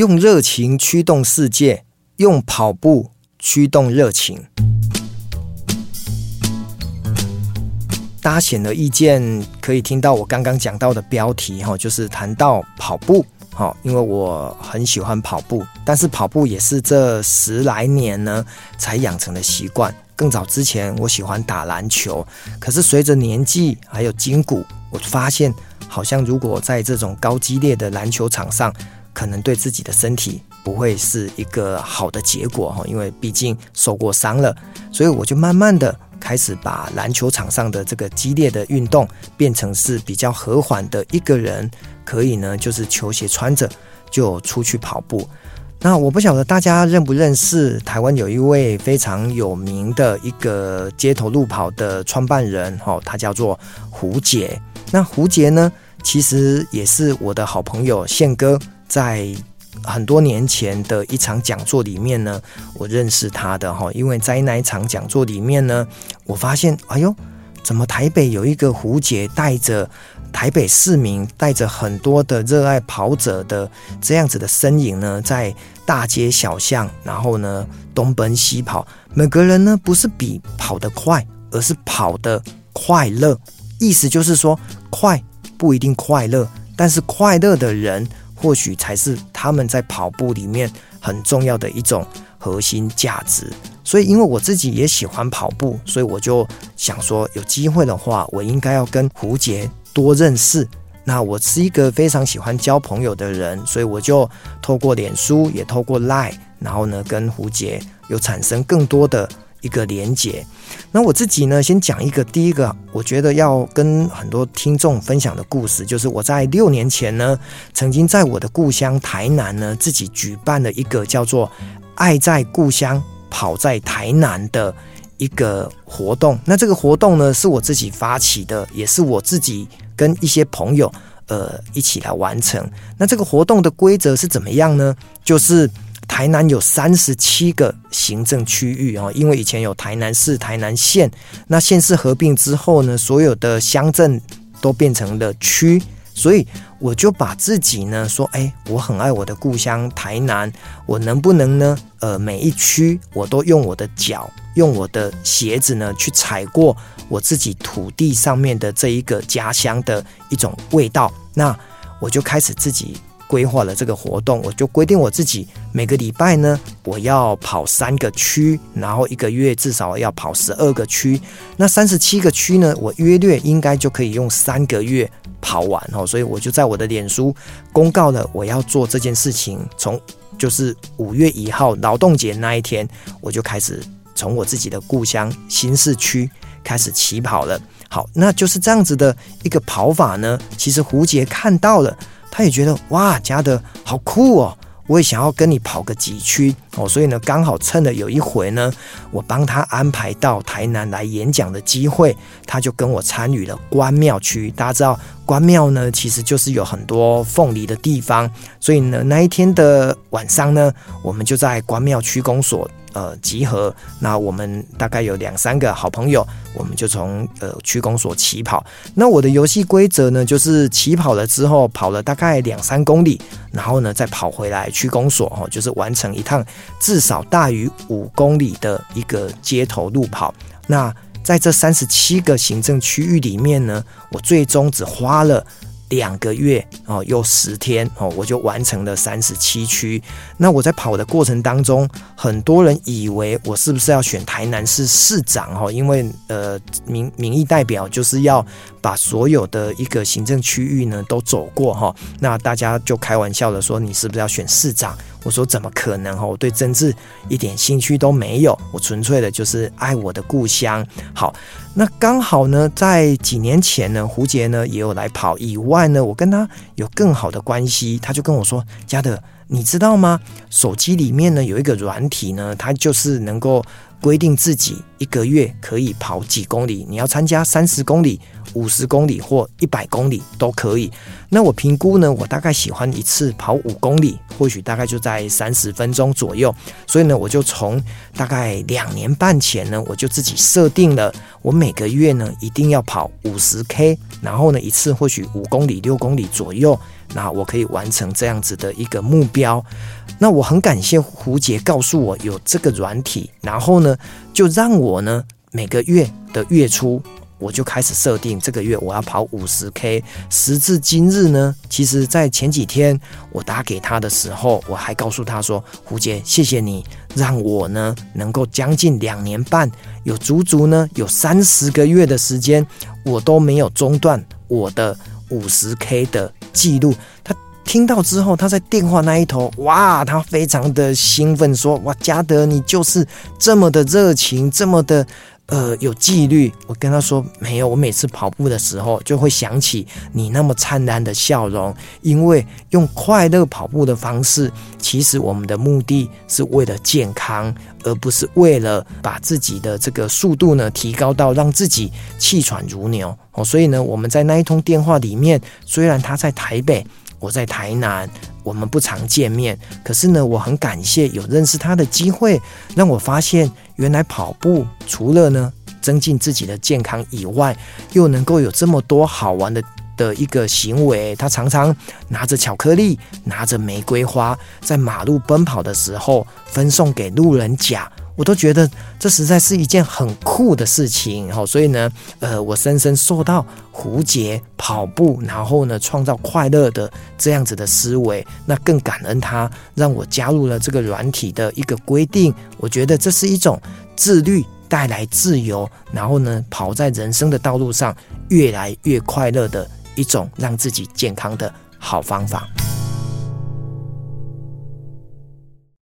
用熱情驅動世界，用跑步驅動熱情。大家顯而易見可以聽到我剛剛講到的標題哈，就是談到跑步哈，因為我很喜歡跑步，但是跑步也是這十來年呢才養成的習慣。更早之前我喜歡打籃球，可是隨着年紀還有筋骨，我發現好像如果在這種高激烈的籃球場上。可能對自己的身體不會是一個好的結果哈，因為畢竟受過傷了，所以我就慢慢的開始把籃球場上的這個激烈的運動變成是比較和緩的。一個人可以呢，就是球鞋穿着就出去跑步。那我不曉得大家認不認識台灣有一位非常有名的一個街頭路跑的創辦人哈，他叫做胡杰。那胡杰呢，其實也是我的好朋友憲哥。在很多年前的一場講座裡面呢，我認識他的哈。因為在那一場講座裡面呢，我發現，哎呦，怎麼台北有一個胡杰帶着台北市民，帶着很多的熱愛跑者的這樣子的身影呢？在大街小巷，然後呢，東奔西跑，每個人呢，不是比跑得快，而是跑得快樂。意思就是說，快不一定快樂，但是快樂的人。或許才是他們在跑步裡面很重要的一種核心價值。所以，因為我自己也喜歡跑步，所以我就想說，有機會的話，我應該要跟胡杰多認識。那我是一個非常喜歡交朋友的人，所以我就透過臉書，也透過 Line，然後呢，跟胡杰有產生更多的。一個連結，那我自己呢，先講一個第一個，我覺得要跟很多聽眾分享的故事，就是我在六年前呢，曾經在我的故鄉台南呢，自己舉辦了一個叫做“愛在故鄉，跑在台南”的一個活動。那這個活動呢，是我自己發起的，也是我自己跟一些朋友呃一起來完成。那這個活動的規則是怎麼樣呢？就是。台南有三十七個行政區域哦，因為以前有台南市、台南縣，那縣市合併之後呢，所有的鄉鎮都變成了區，所以我就把自己呢說，哎、欸，我很愛我的故鄉台南，我能不能呢？呃，每一區我都用我的腳、用我的鞋子呢去踩過我自己土地上面的這一個家鄉的一種味道，那我就開始自己。規劃了這個活動，我就規定我自己每個禮拜呢，我要跑三個區，然後一個月至少要跑十二個區。那三十七個區呢，我約略應該就可以用三個月跑完哦。所以我就在我的臉書公告了我要做這件事情，從就是五月一號勞動節那一天，我就開始從我自己的故鄉新市區開始起跑了。好，那就是這樣子的一個跑法呢。其實胡杰看到了。他也覺得哇，家的好酷哦，我也想要跟你跑個幾區哦，所以呢，剛好趁了有一回呢，我幫他安排到台南來演講的機會，他就跟我參與了關廟區。大家知道關廟呢，其實就是有很多鳳梨的地方，所以呢，那一天的晚上呢，我們就在關廟區公所。呃，集合。那我們大概有兩三個好朋友，我們就從呃區公所起跑。那我的遊戲規則呢，就是起跑了之後跑了大概兩三公里，然後呢再跑回來區公所，哦，就是完成一趟至少大於五公里的一個街頭路跑。那在這三十七個行政區域裡面呢，我最終只花了。兩個月哦，又十天哦，我就完成了三十七區。那我在跑的過程當中，很多人以為我是不是要選台南市市長哦？因為呃，民民意代表就是要把所有的一個行政區域呢都走過哈。那大家就開玩笑的說，你是不是要選市長？我說怎麼可能哦，我對政治一點興趣都沒有，我純粹的就是愛我的故鄉。好，那剛好呢，在幾年前呢，胡杰呢也有來跑，以外呢，我跟他有更好的關係，他就跟我說：“嘉德，你知道嗎？手機裡面呢有一個軟體呢，它就是能夠規定自己一個月可以跑幾公里，你要參加三十公里。”五十公里或一百公里都可以。那我評估呢，我大概喜歡一次跑五公里，或許大概就在三十分鐘左右。所以呢，我就從大概兩年半前呢，我就自己設定了，我每個月呢一定要跑五十 K，然後呢一次或許五公里、六公里左右，那我可以完成這樣子的一個目標。那我很感謝胡杰告訴我有這個軟體，然後呢就讓我呢每個月的月初。我就開始設定這個月我要跑五十 K。時至今日呢，其實，在前幾天我打給他的時候，我還告訴他說：“胡杰，謝謝你讓我呢能夠將近兩年半，有足足呢有三十個月的時間，我都沒有中斷我的五十 K 的記錄。”他聽到之後，他在電話那一頭，哇，他非常的興奮，說：“哇，嘉德，你就是這麼的熱情，這麼的。”呃，有紀律。我跟他說沒有，我每次跑步的時候就會想起你那麼燦爛的笑容，因為用快樂跑步的方式，其實我們的目的是為了健康，而不是為了把自己的這個速度呢提高到讓自己氣喘如牛。哦，所以呢，我們在那一通電話裡面，雖然他在台北，我在台南，我們不常見面，可是呢，我很感謝有認識他的機會，讓我發現。原來跑步除了呢增進自己的健康以外，又能夠有這麼多好玩的的一個行為。他常常拿着巧克力，拿着玫瑰花，在馬路奔跑的時候分送給路人甲。我都覺得這實在是一件很酷的事情，好，所以呢，呃，我深深受到胡杰跑步，然後呢創造快樂的這樣子的思維，那更感恩他讓我加入了這個軟體的一個規定。我覺得這是一種自律帶來自由，然後呢跑在人生的道路上越來越快樂的一種讓自己健康的好方法。